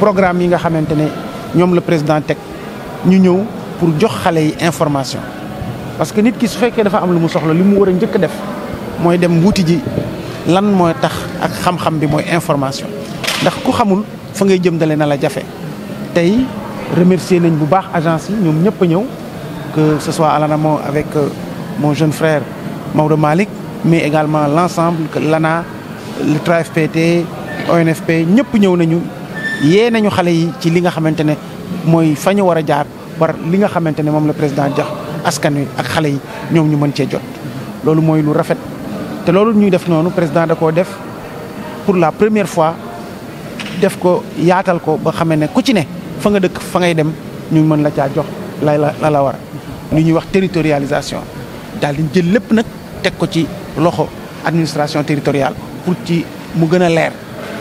programme yi nga xamante ne le président Tek ñu ñëw pour jox xale yi information parce que nit ki su fekkee dafa am lu mu soxla li mu wara a def moy dem wuti ji lan moy tax ak xam-xam bi moy information ndax ku xamul fa ngay jëm dalé na la jafé tay remercier nañ bu baax agence yi ñom ñëpp ñëw que ce soit à l'ANAMO avec euh, mon jeune frère Maodo Malik, mais également l'ensemble que l'ANA le 3FPT ONFP ñëpp ñëw nañu yee nañu xale yi ci li nga xamante ne mooy fa ñu war a jaar war li nga xamante ne moom président jox askan wi ak xale yi ñoom ñu mën cee jot loolu mooy lu rafet te loolu ñuy def noonu président da koo def pour la première fois def ko yaatal ko ba xamee ne ku ci ne fa nga dëkk fa ngay dem ñu mën la caa jox la la la war lu ñuy wax territorialisation daal di jël lépp nag teg ko ci loxo administration territoriale pour ci mu gën a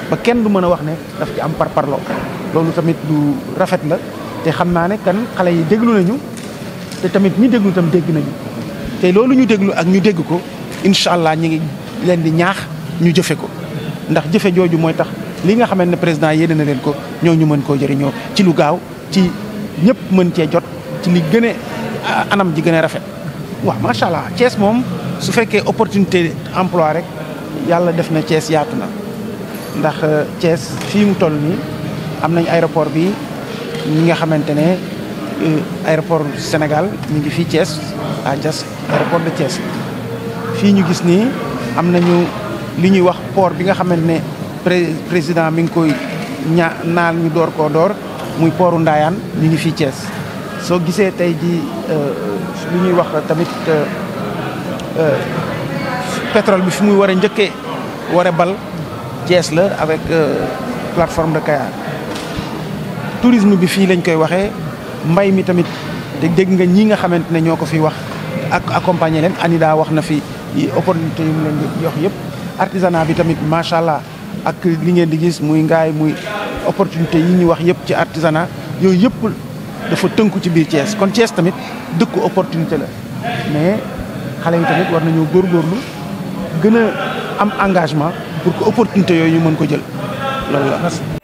ba kenn du mën a wax ne daf ci am par parlo loolu tamit du rafet la te xam naa ne kan xale yi déglu nañu te tamit ñi déglu tam dégg nañu te loolu ñu déglu ak ñu dégg ko incha allah ñi ngi leen di ñaax ñu jëfe ko ndax jëfe jooju mooy tax li nga xamante ne président yéene na leen ko ñoo ñu mën koo jëriñoo ci lu gaaw ci ñëpp mën cee jot ci li gën a anam ji gën a rafet waaw macha allah Thiès moom su fekkee opportunité emploi rek yàlla def na cees yaatu na ndax euh, Thiès fii mu toll nii am nañ aéroport bi ñi nga xamante ne euh, aéroport Sénégal ñu ngi fii cees à Diass aéroport de Thiès fii ñu gis nii am nañu li ñuy wax port bi nga xamante ne président mi ngi koy ña naal ñu door koo door muy portu Ndayane ñu ngi fii cees soo gisee tey ji euh, li ñuy wax tamit pétrole bi fi muy war a njëkkee war a bal Thiès la avec euh, plateforme de Kayar tourisme bi fii lañ koy waxee mbay mi tamit te dégg nga ñii nga xamante ne ñoo ko fi wax ak accompagner leen ANIDA wax na fi opportunité yu mu leen jox yëpp artisanat bi tamit macha allah ak li ngeen di gis muy ngaay muy opportunité yi ñuy wax yëpp ci artisanat yooyu yëpp dafa tënku ci biir Thiès kon Thiès tamit dëkku opportunité la mais xale yi tamit war nañoo góorgóorlu gën a am engagement pour que opportunité yooyu ñu mën ko jël loolu la.